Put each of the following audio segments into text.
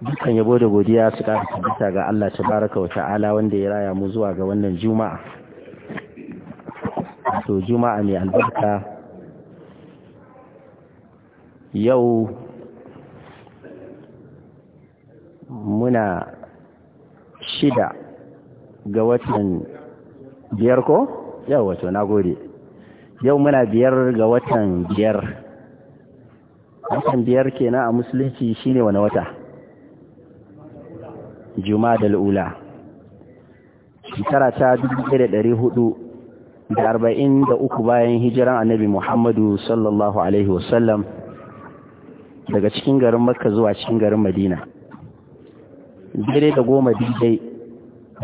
dukkan yabo da godiya su ƙara tabbata ga Allah ta baraka wa ta'ala wanda ya raya mu zuwa ga wannan juma'a to juma'a mai albarka yau muna shida ga watan biyar ko yau wato na gode yau muna biyar ga watan biyar watan biyar kenan a musulunci shine wani wata jumada ula shekara ta 1443 bayan hijiran annabi muhammadu sallallahu alaihi wasallam daga cikin garin makka zuwa cikin garin madina daidai da goma daidai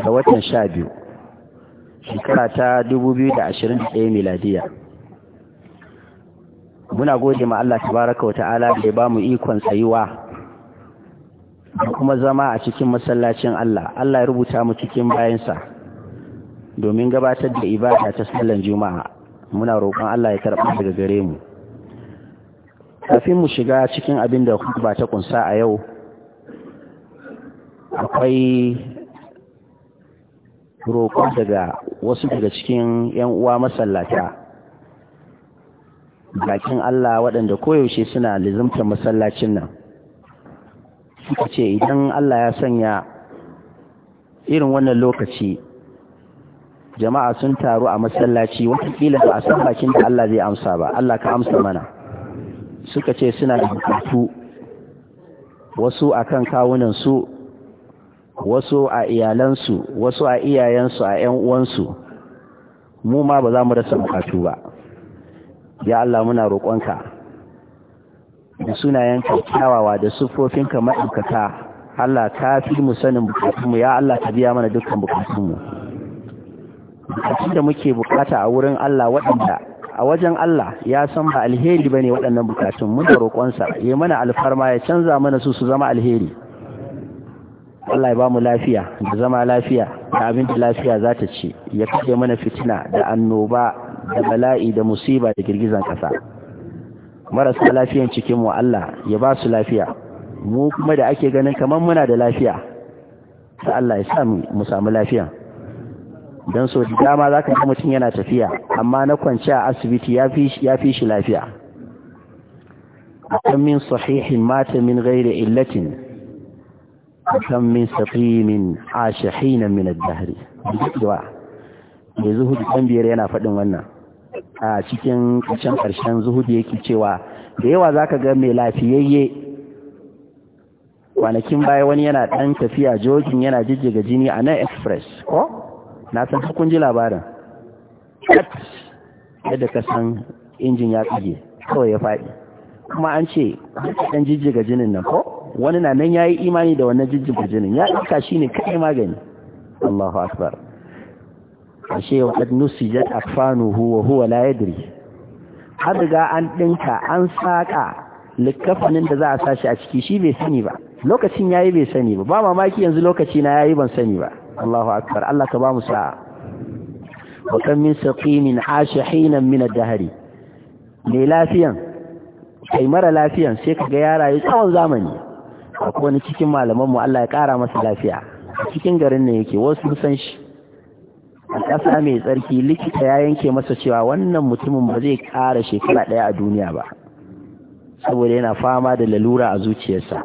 da watan sha biyu shekara ta 2021 miladiya muna gode ma Allah tabaraka wa ta'ala da ya bamu ikon tsayuwa da kuma zama a cikin masallacin Allah Allah ya rubuta mu cikin bayansa domin gabatar da ibada ta sallan juma'a muna roƙon Allah ya karɓa daga gare mu kafin mu shiga cikin abin da ba ta kunsa a yau akwai roƙon daga wasu daga cikin 'yan uwa masallata bakin Allah waɗanda koyaushe suna lizimtar masallacin nan suka ce idan Allah ya sanya irin wannan lokaci jama'a sun taru a masallaci watakila ba a san bakin da Allah zai amsa ba Allah ka amsa mana suka ce suna da bukatu wasu a kan kawunansu wasu a iyalansu wasu a iyayensu a 'yan uwansu mu ma ba za mu rasa bukatu ba ya Allah muna roƙonka da sunayen kyawawa da siffofin ka maɗaukaka Allah ta fi mu sanin bukatunmu ya Allah ta biya mana dukkan bukatunmu bukatun da muke bukata a wurin Allah waɗanda a wajen Allah ya san ba alheri ba ne waɗannan bukatun mun da roƙonsa ya mana alfarma ya canza mana su su zama alheri Allah ya ba mu lafiya da zama lafiya da abin da lafiya za ta ci ya kaɗe mana fitina da annoba da bala'i da musiba da girgizan ƙasa marasa lafiyan cikin mu Allah ya ba su lafiya mu kuma da ake ganin kamar muna da lafiya ta Allah ya sa mu samu lafiya don so dama za ka ga mutum yana tafiya amma na kwanci a asibiti ya fi shi lafiya kan min sahihin mata min gairi illatin kan min saqimin ashihin min ad-dahr duk mai kan biyar yana faɗin wannan a cikin kacin ƙarshen zuhudi yake cewa da yawa za ka ga mai lafiyayye kwanakin baya wani yana ɗan tafiya jogin yana jijjiga jini a nan express ko na san kun ji labarin yadda ka san injin ya ƙage kawai ya faɗi kuma an ce ɗan jijjiga jinin nan ko wani na nan ya yi imani da wannan jijjiga jinin ya ɗauka shi ne kaɗai magani Allahu Akbar ashe wa qad huwa la har riga an ɗinka an saka likafanin da za a sashi a ciki shi bai sani ba lokacin yayi bai sani ba ba mamaki yanzu lokaci na yayi ban sani ba Allahu akbar Allah ka ba mu sa'a wa kan min saqimin asha min ad-dahri mai lafiyan kai mara lafiyan sai ka ga yara yi tsawon zamani akwai wani cikin malaman mu Allah ya kara masa lafiya cikin garin ne yake wasu san shi a ƙasa mai tsarki likita ya yanke masa cewa wannan mutumin ba zai ƙara shekara ɗaya a duniya ba saboda yana fama da lalura a zuciyarsa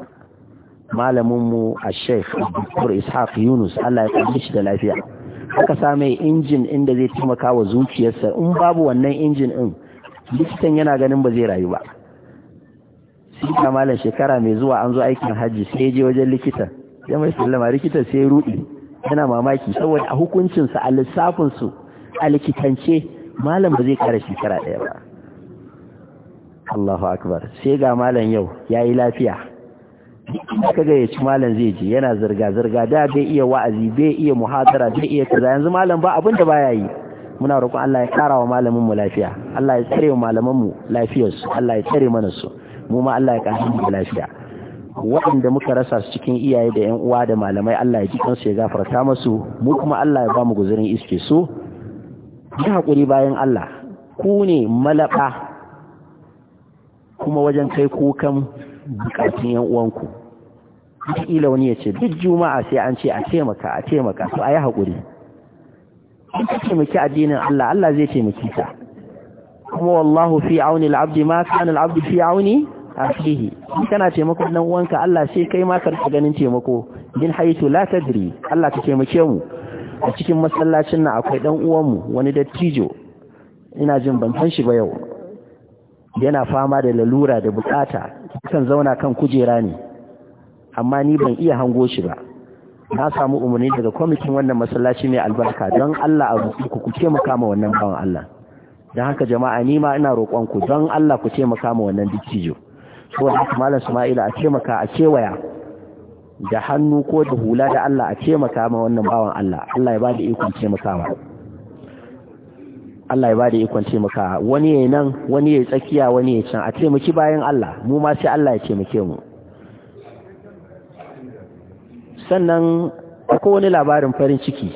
malaminmu a sheikh abdul ishaq yunus allah ya ƙarfi shi da lafiya aka same injin inda zai taimaka wa zuciyarsa in babu wannan injin in likitan yana ganin ba zai rayu ba sai malam shekara mai zuwa an zo aikin hajji sai je wajen likitan ya mai sallama likitan sai ya ruɗi yana mamaki saboda a hukuncinsa a lissafinsu a likitance malam ba zai kara shekara ɗaya ba Allahu akbar sai ga malam yau ya yi lafiya ka ga ya ci malam zai ji yana zirga-zirga da bai iya wa'azi bai iya muhadara bai iya kaza yanzu malam ba abin da baya yi muna roƙon Allah ya ƙara wa malamin mu lafiya Allah ya tsare wa malaman mu lafiyarsu Allah ya tsare mana su mu ma Allah ya ƙara mu lafiya waɗanda muka rasa su cikin iyaye da ƴan uwa da malamai Allah ya ji kansu ya gafarta musu mu kuma Allah ya ba mu guzurin iske so yi haƙuri bayan Allah ku ne malaka kuma wajen kai kukan bukatun ƴan uwanku wataƙila wani ya ce duk juma'a sai an ce a taimaka a taimaka to a yi haƙuri in ka taimaki addinin Allah Allah zai taimaki ka kuma wallahu fi auni al abdi ma kana abdi fi auni akhihi kana taimakon dan uwanka Allah sai kai ma ka ganin taimako din haitu la tadri Allah ka taimake mu a cikin masallacin nan akwai dan uwan mu wani dattijo ina jin ban san shi ba yau yana fama da lalura da bukata kan zauna kan kujera ne amma ni ban iya hango shi ba na samu umarni daga kwamitin wannan masallaci mai albarka don Allah a rufe ku ku mu kama wannan bawan Allah don haka jama'a ni ma ina roƙon ku don Allah ku taimaka ma wannan dattijo ko haka malam Sama'ila a taimaka a kewaya da hannu ko da hula da Allah a taimaka ma wannan bawan Allah Allah ya ba da ikon taimakawa Allah ya ba da ikon taimakawa wani yayin nan wani yayin tsakiya wani yayin can a taimaki bayan Allah mu ma sai Allah ya taimake mu sannan akwai wani labarin farin ciki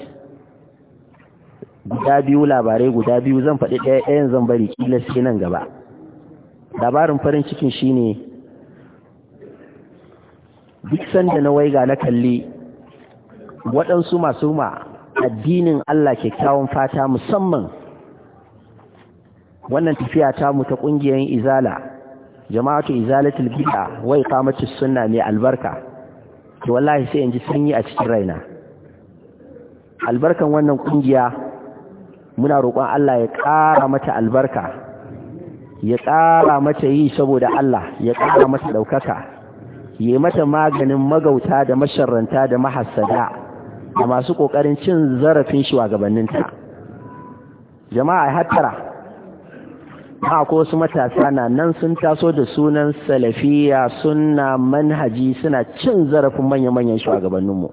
guda biyu labarai guda biyu zan faɗi ɗaya ɗayan zan bari kila sai nan gaba labarin farin cikin shine duk sanda na waiga na kalli waɗansu masu ma addinin Allah kyakkyawan fata musamman wannan tafiya ta mu ta ƙungiyar izala jama'atu izalatul bid'a wai qamatus sunna mai albarka to wallahi sai in ji sanyi a cikin raina albarkan wannan ƙungiya muna roƙon Allah ya ƙara mata albarka ya ƙara mata yi saboda Allah ya ƙara mata ɗaukaka yi mata maganin magauta da masharanta da mahasada da masu ƙoƙarin cin zarafin shugabanninta jama'a hattara ba ko wasu matasa na nan sun taso da sunan salafiya suna manhaji suna cin zarafin manya-manyan shugabanninmu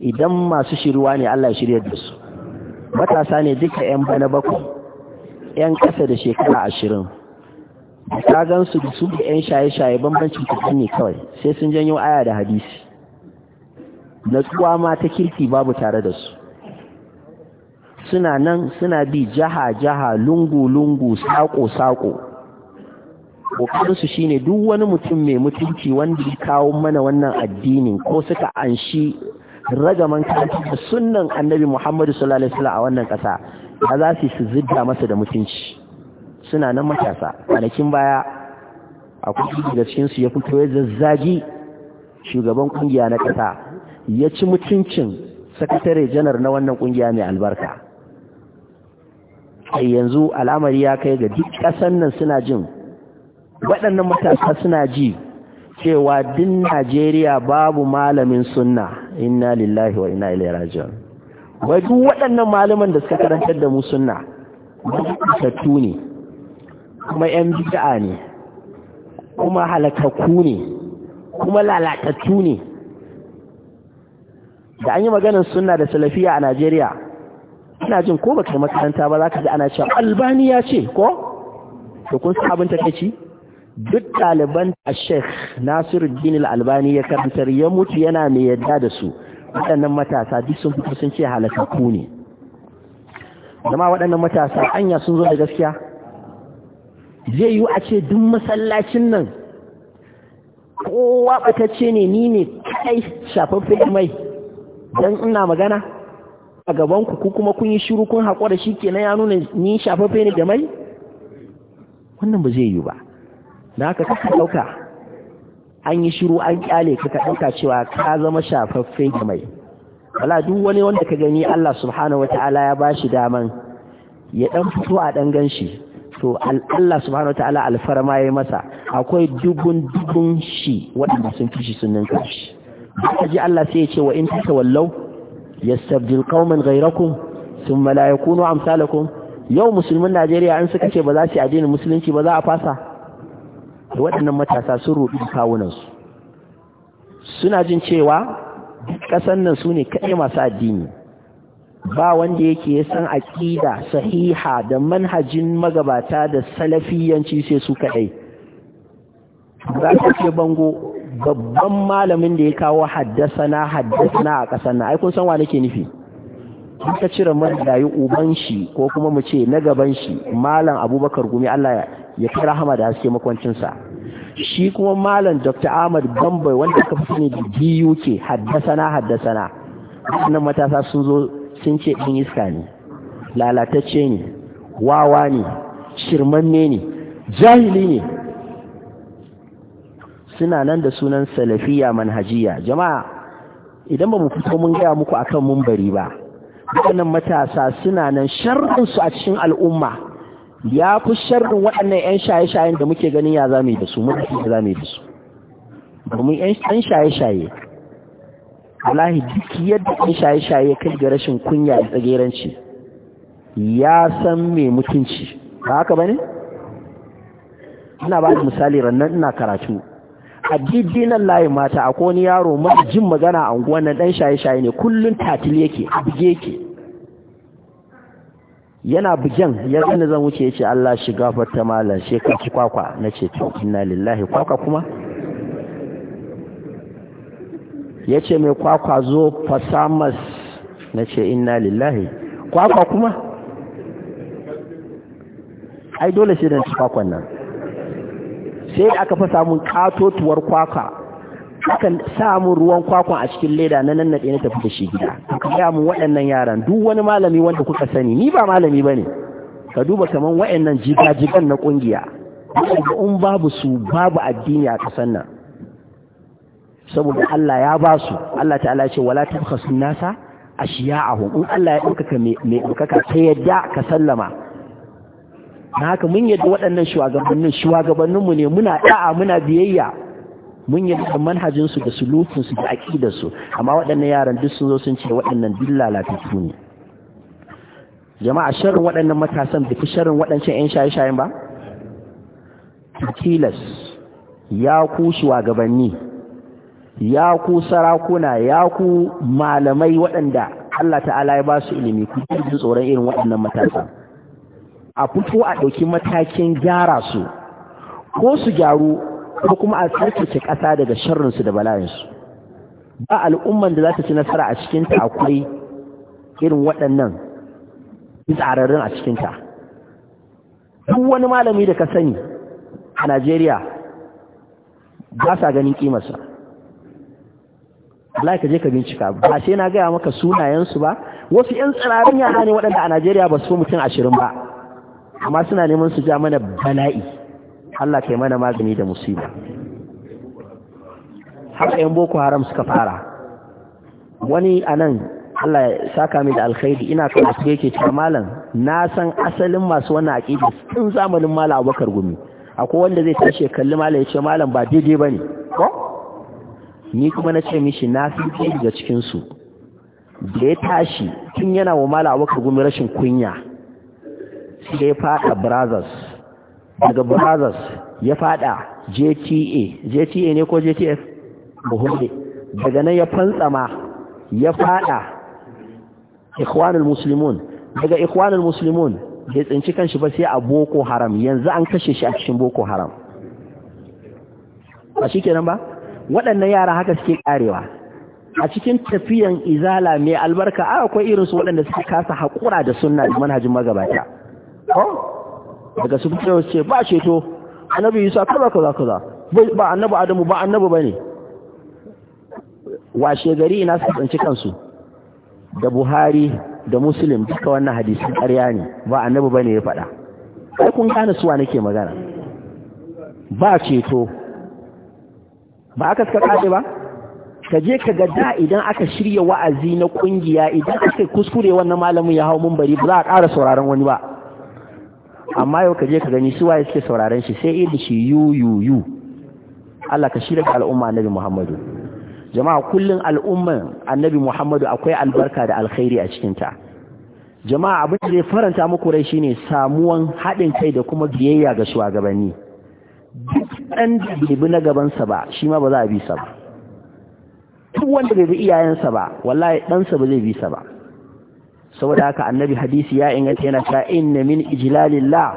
idan masu shiruwa ne Allah ya shirya da su matasa ne duka 'yan bana bakwai 'yan ƙasa da shekara ashirin ka gan su da su da yan shaye-shaye bambancin kuɗi ne kawai sai sun janyo aya da hadisi natsuwa ma ta kirki babu tare da su suna nan suna bi jaha-jaha lungu-lungu saƙo-saƙo ƙoƙarinsu shi ne duk wani mutum mai mutunci wanda ya kawo mana wannan addinin ko suka anshi ragaman kanta da sunnan annabi muhammadu sallallahu alaihi a wannan ƙasa ba za su su zidda masa da mutunci suna nan matasa kwanakin baya a akwai daga cikinsu ya fito ya zazzagi shugaban kungiya na ƙasa ya ci mutuncin sakatare janar na wannan kungiya mai albarka a yanzu al'amari ya kai ga duk ƙasan nan suna jin waɗannan matasa suna ji cewa duk Najeriya babu malamin sunna inna lillahi wa inna ilai rajon wai duk waɗannan malaman da suka karantar da mu sunna wajen ne kuma ‘yan bid'a ne kuma halakakku ne kuma lalatattu ne da an yi maganin sunna da salafiya a Najeriya ina jin ko baka makaranta ba za ka ji ana cewa albaniya ce ko to kun san ta takeici duk ɗaliban a sheikh nasiruddin albani ya karantar ya mutu yana mai yadda da su waɗannan matasa duk sun fito sun ce halakakku ne zama waɗannan matasa anya sun zo da gaskiya zai yi a ce duk masallacin nan kowa batacce ne ni ne kai shafaffe mai don ina magana a gabanku ku kuma kun yi shiru kun haƙura shi ke na ya nuna ni shafaffe ne da mai wannan ba zai yi ba da haka kasa ɗauka an yi shiru an ƙyale ka ɗauka cewa ka zama shafaffe da mai wala duk wani wanda ka gani Allah subhanahu wata'ala ya bashi daman ya ɗan fito a ɗan shi. to Allah subhanahu Ta'ala alfarma yayi masa akwai dubun dubun shi waɗanda sun fi shi sunan kashi ji Allah sai ya ce wa in tawallau yastabdil qauman ghayrakum thumma la yakunu amsalakum yau musulmin Najeriya an suka ce ba za su addinin musulunci ba za a fasa waɗannan matasa sun rubi kawunansu suna jin cewa ƙasan nan su ne kaɗai masu addini ba wanda yake san aƙida sahiha da manhajin magabata da salafiyanci sai su kadai, za ka ce bango babban malamin da ya kawo haddasana haddasana a ƙasar na aikun sanwa nake nufi ka cire marigayi uban shi ko kuma mu ce na gaban shi malam abubakar gumi allah ya kira hama da haske makwancinsa shi kuma malam dr ahmad bambai wanda ka fi sani da na, haddasana haddasana wannan matasa sun zo sun ce ɗan iska ne lalatacce ne wawa ne shirmanne ne jahili ne suna nan da sunan salafiya manhajiya jama'a idan ba mu fito mun gaya muku akan mumbari ba waɗannan matasa suna nan sharrinsu a cikin al'umma ya fi sharrin waɗannan 'yan shaye-shayen da muke ganin ya zame da su muke da zame da su domin 'yan shaye-shaye wallahi duk yadda ɗan shaye-shaye kai ga rashin kunya da tsageranci ya san mai mutunci ba haka ba ne? ina ba da misali rannan ina karatu a dinan layin mata a wani yaro masu jin magana a unguwan nan ɗan shaye-shaye ne kullum tatil yake a buge yake yana bugen ya zan zan wuce ya ce Allah shiga fata malam shekarci kwakwa na ce to inna lillahi kwakwa kuma ya ce mai kwakwa zo fasamas na ce inna lillahi kwakwa kuma ai dole sai da kwakwan nan sai aka fa samun katotuwar kwakwa akan samun ruwan kwakwa a cikin leda na nan naɗe na tafi da shi gida ka gaya mun waɗannan yaran duk wani malami wanda kuka sani ni ba malami ba ne ka duba kaman waɗannan jigajigan na ƙungiya in babu su babu addini a ƙasar nan saboda Allah ya ba su Allah ta'ala ce wala tabkhasu nasa ashiya'ahum in Allah ya ɗaukaka mai ɗaukaka ta yadda ka sallama na haka mun yadda waɗannan shugabannin shugabanninmu ne muna da'a muna biyayya mun yadda manhajinsu da sulukinsu da su amma waɗannan yaran duk sun zo sun ce waɗannan duk lalatattu ne jama'a sharrin waɗannan matasan da fi sharrin waɗancan ƴan shaye-shayen ba tilas ya ku shugabanni ya ku sarakuna ya ku malamai waɗanda Allah ta'ala ya ba su ilimi ku ji tsoron irin waɗannan matasa a fito a ɗauki matakin gyara su ko su gyaru ko kuma a tsarkake ƙasa daga sharrinsu da bala'insu ba al'umman da za ta ci nasara a cikinta akwai irin waɗannan tsararrun a cikinta duk wani malami da ka sani a Najeriya ba sa ganin ƙimarsa Allah ka je ka bincika ba sai na gaya maka sunayensu ba wasu yan tsirarin yara ne waɗanda a Najeriya ba su mutum ashirin ba amma suna neman su ja mana bala'i Allah ka mana magani da musiba haka yan boko haram suka fara wani a Allah ya saka mai da alkhairi ina su yake cewa malam na san asalin masu wannan aqida tun zamanin malam Abubakar Gumi akwai wanda zai tashi kalli malam ya ce malam ba daidai bane ko ni kuma na ce mishi na fi ɗaya daga cikinsu da ya tashi tun yana wa mala abubakar gumi rashin kunya sai ya fada brazos daga brazos ya fada jta jta ne ko jtf buhunde daga nan ya fantsama ya fada ikhwanul muslimun daga ikhwanul muslimun bai tsinci kanshi ba sai a boko haram yanzu an kashe shi a cikin boko haram a shi kenan ba waɗannan yara haka suke karewa a cikin tafiyan izala mai albarka akwai irin su waɗanda suke kasa haƙura da sunna da manhajin magabata daga su fito ce ba ceto annabi yusa kaza kaza kaza ba annabi adamu ba annabi ne. washe gari ina su tsanci kansu da buhari da musulun duka wannan hadisun ƙarya ne ba annabi bane ya faɗa ai kun gane suwa nake magana ba ceto ba aka suka kaɗe ba ka je ka ga idan aka shirya wa'azi na ƙungiya idan aka kuskure wannan malamin ya hau mumbari ba za a ƙara sauraron wani ba amma yau ka je ka gani su waye suke sauraron shi sai irin shi yu yu yu Allah ka shirya al'umma annabi Muhammadu jama'a kullun al'umman annabi Muhammadu akwai albarka da alkhairi a cikin ta jama'a abin da zai faranta muku rai shine samuwan haɗin kai da kuma biyayya ga shugabanni duk ɗan da bai bi na gabansa ba shi ma ba za a bi sa ba duk wanda bai bi iyayensa ba wallahi ɗansa ba zai bi sa ba saboda haka annabi hadisi ya inganta yana cewa inna min ijlalillah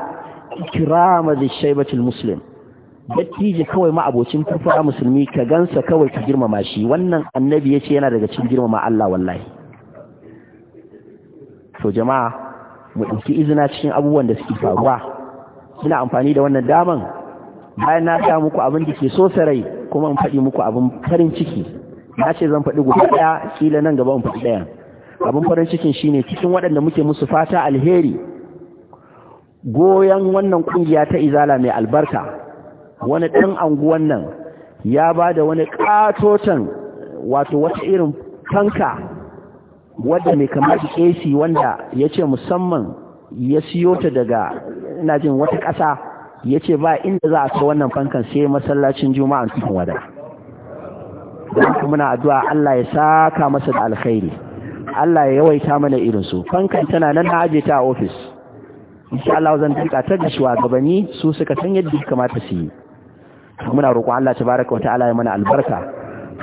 ikrama da shaibatul muslim dattijo kawai ma abocin farfara musulmi ka gansa kawai ka girmama shi wannan annabi ya ce yana daga cikin girmama Allah wallahi to jama'a mu ɗauki izina cikin abubuwan da suke faruwa ina amfani da wannan daman bayan na sa muku abin da ke so sarai kuma in faɗi muku abin farin ciki na ce zan faɗi guda ɗaya kila nan gaba in faɗi ɗaya abin farin cikin shine cikin waɗanda muke musu fata alheri goyon wannan ƙungiya ta izala mai albarka wani ɗan anguwan nan ya ba da wani ƙatoton wato wata irin fanka wadda mai kamar AC wanda ya ce musamman ya siyo ta daga ina wata ƙasa ya ce ba inda za a kai wannan fankan sai masallacin juma'a cikin wada da muna addu'a Allah ya saka masa da alkhairi Allah ya yawaita mana irin su fankan tana nan na aje ta ofis insha Allah zan duka ta da shugabanni su suka san yadda ya kamata su yi muna roƙon Allah tabaraka wa ta'ala ya mana albarka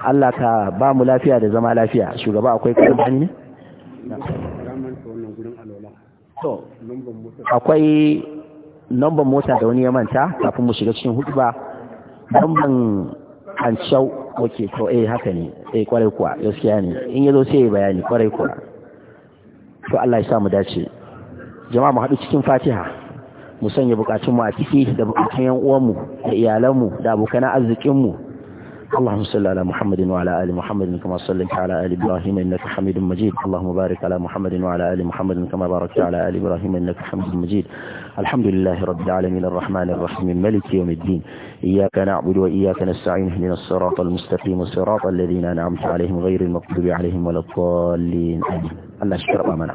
Allah ka ba mu lafiya da zama lafiya shugaba akwai kuma ne to akwai lambar mota da wani ya manta kafin mu shiga cikin hudu ba lamban hancau wake to eh haka ne eh kwarai kuwa gaskiya ne in yazo sai ya bayani kwarai kuwa to Allah ya sa mu dace jama'a mu haɗu cikin Fatiha mu sanya bukatun a ciki da bukatun yan uwanmu da iyalanmu da abokan arzikin mu اللهم صل على محمد وعلى آل محمد كما صليت على آل إبراهيم إنك حميد مجيد اللهم بارك على محمد وعلى آل محمد كما باركت على آل إبراهيم إنك حميد مجيد الحمد لله رب العالمين الرحمن الرحيم ملك يوم الدين إياك نعبد وإياك نستعين اهدنا الصراط المستقيم صراط الذين أنعمت عليهم غير المغضوب عليهم ولا الضالين آمين الله يشكر أمانه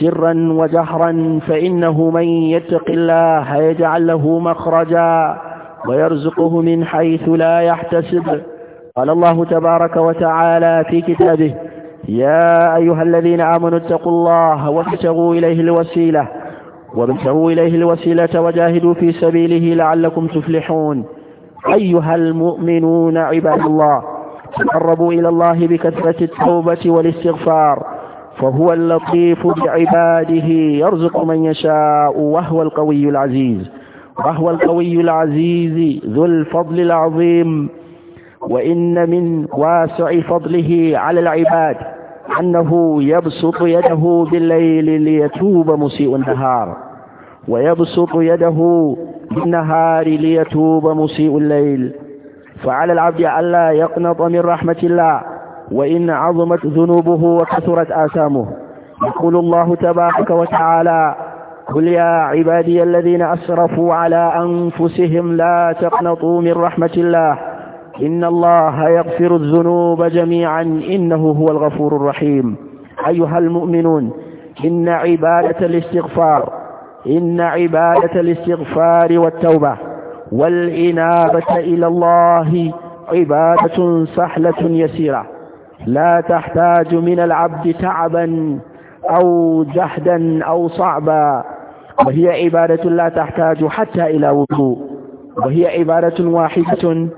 سرا وجهرا فإنه من يتق الله يجعل له مخرجا ويرزقه من حيث لا يحتسب قال الله تبارك وتعالى في كتابه يا أيها الذين آمنوا اتقوا الله وابتغوا إليه الوسيلة وابتغوا إليه الوسيلة وجاهدوا في سبيله لعلكم تفلحون أيها المؤمنون عباد الله تقربوا إلى الله بكثرة التوبة والاستغفار وهو اللطيف بعباده يرزق من يشاء وهو القوي العزيز وهو القوي العزيز ذو الفضل العظيم وإن من واسع فضله على العباد أنه يبسط يده بالليل ليتوب مسيء النهار ويبسط يده بالنهار ليتوب مسيء الليل فعلى العبد ألا يقنط من رحمة الله وإن عظمت ذنوبه وكثرت آثامه يقول الله تبارك وتعالى قل يا عبادي الذين أسرفوا على أنفسهم لا تقنطوا من رحمة الله إن الله يغفر الذنوب جميعا إنه هو الغفور الرحيم أيها المؤمنون إن عبادة الاستغفار إن عبادة الاستغفار والتوبة والإنابة إلى الله عبادة سهلة يسيرة لا تحتاج من العبد تعبا أو جهدا أو صعبا وهي عبادة لا تحتاج حتى إلى وضوء وهي عبادة واحدة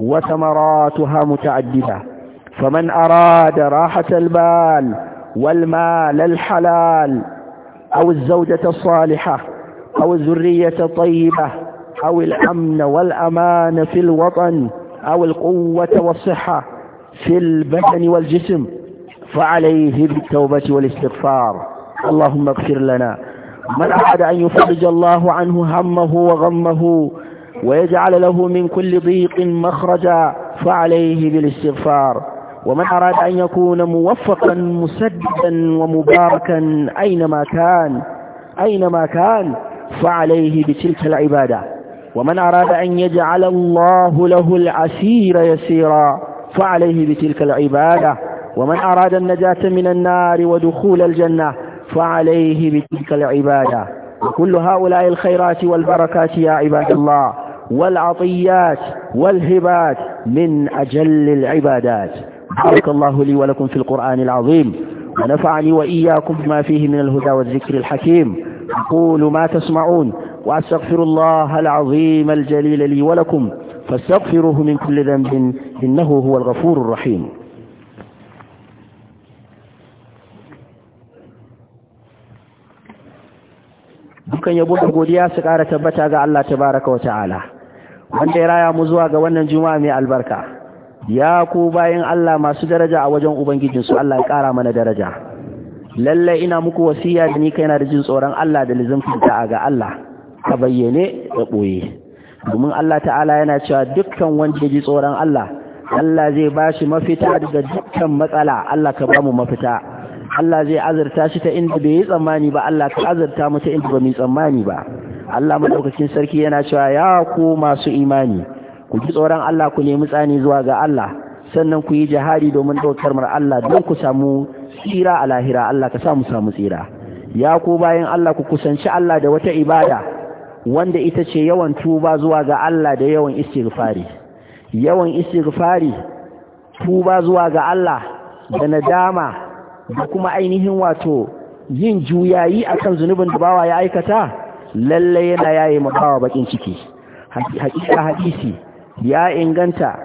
وثمراتها متعددة فمن أراد راحة البال والمال الحلال أو الزوجة الصالحة أو الذرية الطيبة أو الأمن والأمان في الوطن أو القوة والصحة في البدن والجسم فعليه بالتوبة والاستغفار اللهم اغفر لنا من أراد أن يفرج الله عنه همه وغمه ويجعل له من كل ضيق مخرجا فعليه بالاستغفار ومن أراد أن يكون موفقا مسددا ومباركا أينما كان أينما كان فعليه بتلك العبادة ومن أراد أن يجعل الله له العسير يسيرا فعليه بتلك العبادة ومن أراد النجاة من النار ودخول الجنة فعليه بتلك العبادة وكل هؤلاء الخيرات والبركات يا عباد الله والعطيات والهبات من أجل العبادات بارك الله لي ولكم في القرآن العظيم ونفعني وإياكم بما فيه من الهدى والذكر الحكيم أقول ما تسمعون وأستغفر الله العظيم الجليل لي ولكم فاستغفروه من كل ذنب إنه هو الغفور الرحيم dukan yabo da godiya su ƙara tabbata ga Allah ta baraka wa ta'ala wanda ya raya mu zuwa ga wannan juma'a mai albarka ya ku bayan Allah masu daraja a wajen ubangijinsu Allah ya ƙara mana daraja lalle ina muku wasiya da ni kaina da jin tsoron Allah da lizumfin ta'a ga Allah ka bayyane da ɓoye domin Allah ta'ala yana cewa dukkan wanda ji tsoron Allah Allah zai ba shi mafita daga dukkan matsala Allah ka ba mu mafita Allah zai azurta shi ta inda bai yi tsammani ba Allah ka azurta mu ta inda ba mu yi tsammani ba Allah madaukakin sarki yana cewa ya ku masu imani ku ji tsoron Allah ku nemi tsani zuwa ga Allah sannan ku yi jihadi domin daukar mar Allah don ku samu tsira a lahira Allah ka sa mu samu tsira ya ku bayan Allah ku kusanci Allah da wata ibada wanda ita ce yawan tuba zuwa ga Allah da yawan istighfari yawan istighfari tuba zuwa ga Allah da nadama da kuma ainihin wato yin juyayi akan zunubin da bawa ya aikata lalle yana yaye makawa bakin ciki hakika hadisi ya inganta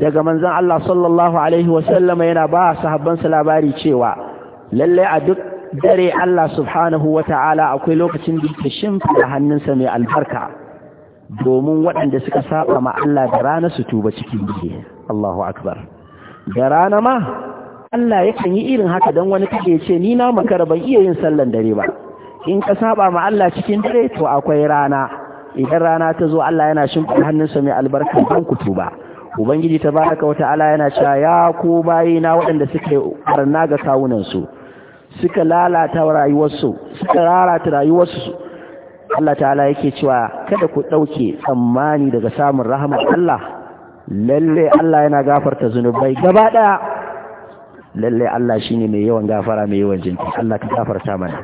daga manzon Allah sallallahu alaihi wasallama yana ba sahabbansa labari cewa lalle a duk dare Allah subhanahu wa ta'ala akwai lokacin da shimfa shimfida hannunsa mai albarka domin waɗanda suka saba ma Allah da rana su tuba cikin dare Allahu akbar da rana ma Allah yakan yi irin haka don wani kake ce ni na makara ban iya yin sallan dare ba in ka saba ma Allah cikin dare to akwai rana idan rana ta zo Allah yana shimfida hannunsa mai albarka don ku tuba ubangiji ta tabaraka wa ta'ala yana cewa ya ku bayina waɗanda suke barna ga kawunan su suka lalata rayuwarsu suka rarata rayuwarsu Allah ta'ala yake cewa kada ku dauke tsammani daga samun rahmar Allah lalle Allah yana gafarta zunubai gaba daya lalle Allah shine mai yawan gafara mai yawan jinki Allah ka gafarta mana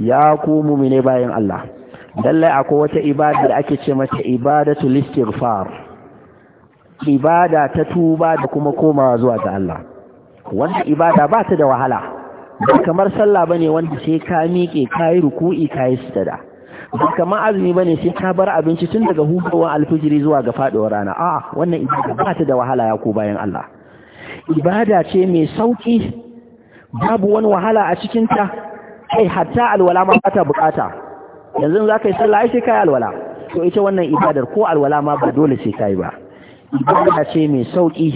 ya ku mu'mine bayan Allah lalle akwai wata ibada da ake ce mata ibadatul istighfar ibada ta tuba da kuma komawa zuwa ga Allah wannan ibada ba ta da wahala ba kamar sallah bane wanda sai ka miƙe kayi ruku'i kayi sujada ba kamar azumi bane sai ka bar abinci tun daga hudowar alfijiri zuwa ga faduwar rana a wannan ibada ba ta da wahala ya ku bayan Allah ibada ce mai sauki babu wani wahala a cikin ta kai hatta alwala ma ba ta bukata yanzu za ka yi sallah sai kai alwala to ita wannan ibadar ko alwala ma ba dole sai kai ba ibada ce mai sauki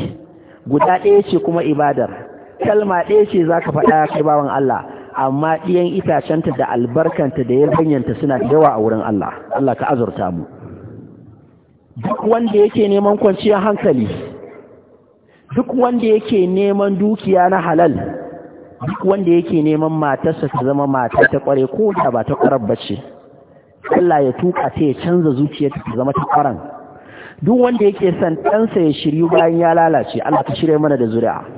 guda ɗaya ce kuma ibadar kalma ɗaya ce za ka faɗa kai bawan Allah amma ɗiyan itacenta da albarkanta da yabanyanta suna da yawa a wurin Allah Allah ka azurta mu duk wanda yake neman kwanciyar hankali duk wanda yake neman dukiya na halal duk wanda yake neman matarsa ta zama mata ta kware ko da ba ta kwarar bace Allah ya tuka ta ya canza zuciyarta ta zama ta kwaran duk wanda yake son ɗansa ya shiryu bayan ya lalace Allah ta shirye mana da zuri'a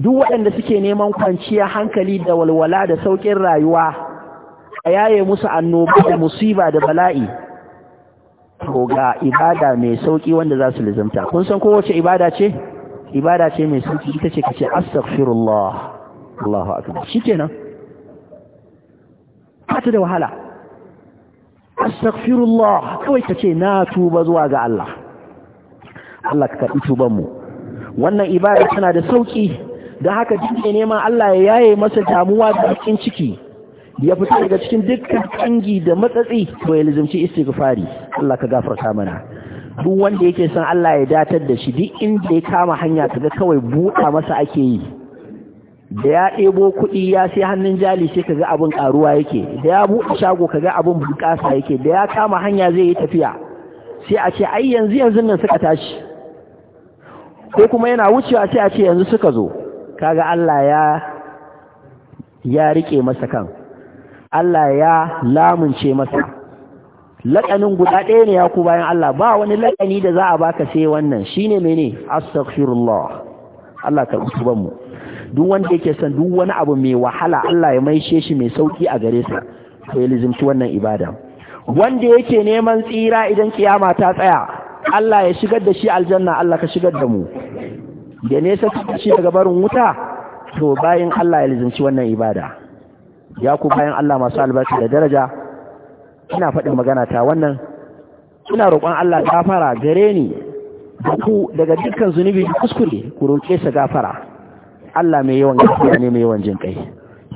duk waɗanda suke neman kwanciya hankali da walwala da sauƙin rayuwa a yaye musu annoba da musiba da bala'i to ga ibada mai sauƙi wanda za su lizimta kun san kowace ibada ce ibada ce mai sauƙi ita ce kace astaghfirullah Allahu akbar shikenan ta da wahala astaghfirullah kawai kace na tuba zuwa ga Allah Allah ka karbi tuban mu wannan ibada tana da sauƙi da haka duk neman Allah ya yaye masa damuwa da cikin ciki ya fita daga cikin dukkan kangi da matsatsi to ya lizumci istighfari Allah ka gafarta mana duk wanda yake son Allah ya datar da shi duk inda ya kama hanya kaga kawai buɗa masa ake yi da ya ɗebo kuɗi ya sai hannun jali sai kaga abin ƙaruwa yake da ya buɗe shago kaga abin bunƙasa yake da ya kama hanya zai yi tafiya sai a ce ai yanzu yanzu nan suka tashi ko kuma yana wucewa sai a ce yanzu suka zo kaga Allah ya ya rike masa kan Allah ya lamunce masa laƙanin guda ɗaya ne ya ku bayan Allah ba wani laƙani da za a baka sai wannan shine mene astaghfirullah Allah ka tuban mu duk wanda yake son duk wani abu mai wahala Allah ya maishe shi mai sauki a gare sa to ya lizimci wannan ibada wanda yake neman tsira idan kiyama ta tsaya Allah ya shigar da shi aljanna Allah ka shigar da mu da nesa shi daga barin wuta to bayan Allah ya lizinci wannan ibada ya ku bayan Allah masu albarka da daraja ina faɗin magana ta wannan ina roƙon Allah gafara gare ni da ku daga dukkan zunubi kuskure ku roƙe sa gafara Allah mai yawan gaskiya ne mai yawan jin kai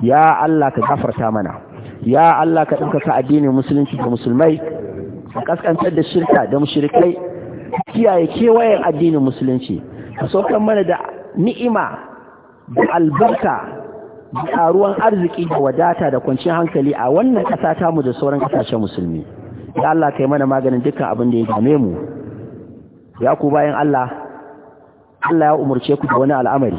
ya Allah ka gafarta mana ya Allah ka ɗaukaka addinin musulunci da musulmai ka kaskantar da shirka da mushrikai kiyaye kewayen addinin musulunci ka kan mana da ni'ima da albarka da ruwan arziki da wadata da kwanciyar hankali a wannan ta mu da sauran kasashen musulmi da Allah kai mana maganin dukkan abin da ya dame mu ya ku bayan Allah Allah ya umarce ku da wani al'amari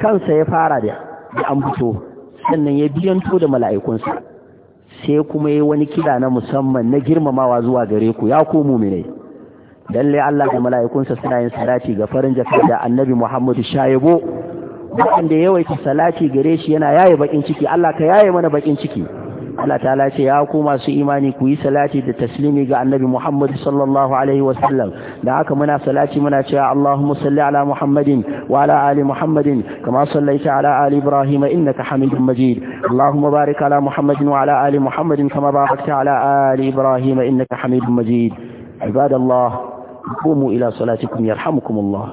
kansa ya fara da an ambato sannan ya biyanto da mala'ikunsa sai kuma yi wani kira na musamman na girmamawa zuwa gare ku ya ku muminai lalle Allah da mala'ikunsa suna yin salati ga farin jaka da annabi Muhammadu shayebo wanda yawaita salati gare shi yana yaye bakin ciki Allah ka yaye mana bakin ciki Allah ta'ala ce ya ku masu imani ku yi salati da taslimi ga annabi Muhammadu sallallahu alaihi wa sallam. da haka muna salati muna cewa Allahumma salli ala Muhammadin wa ala ali Muhammadin kama sallaita ala ali Ibrahim innaka Hamidum Majid Allahumma barik ala Muhammadin wa ala ali Muhammadin kama barakta ala ali Ibrahim innaka Hamidum Majid ibadallah قوموا إلى صلاتكم يرحمكم الله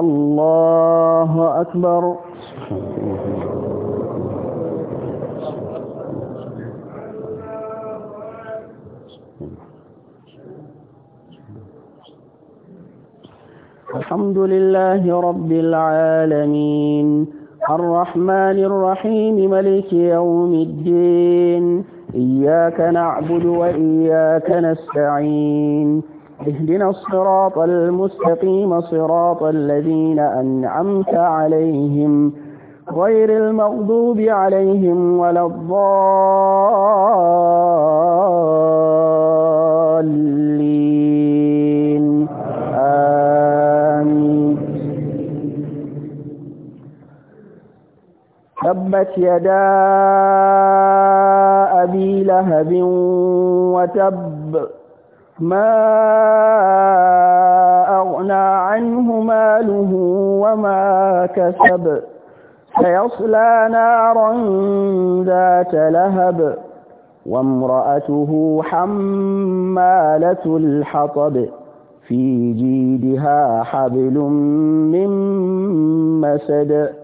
الله أكبر الحمد لله رب العالمين الرحمن الرحيم ملك يوم الدين إياك نعبد وإياك نستعين اهدنا الصراط المستقيم صراط الذين أنعمت عليهم غير المغضوب عليهم ولا الضالين تبت يدا أبي لهب وتب ما أغنى عنه ماله وما كسب سيصلى نارا ذات لهب وامرأته حمالة الحطب في جيدها حبل من مسد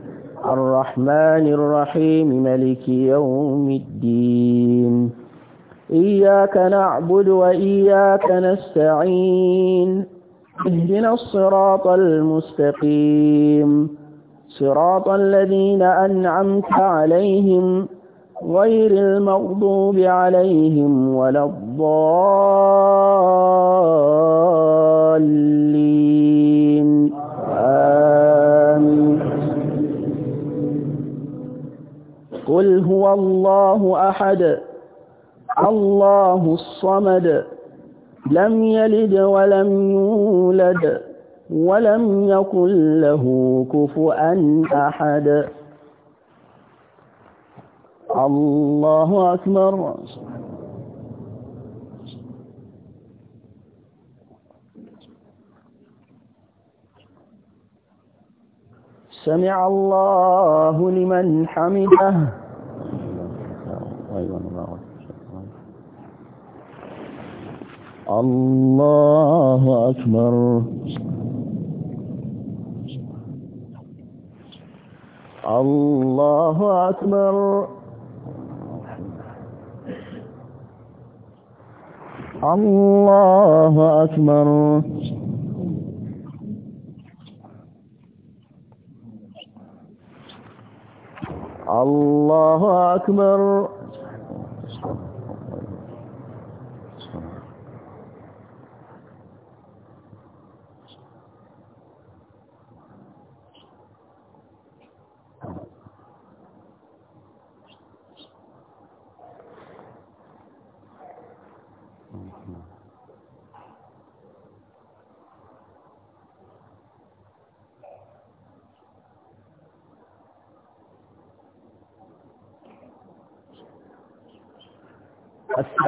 الرحمن الرحيم ملك يوم الدين إياك نعبد وإياك نستعين اهدنا الصراط المستقيم صراط الذين أنعمت عليهم غير المغضوب عليهم ولا الضالين قل هو الله أحد الله الصمد لم يلد ولم يولد ولم يكن له كفؤا أحد الله أكبر سمع الله لمن حمده أيضا أيوة، الله الله أكبر الله أكبر الله أكبر الله أكبر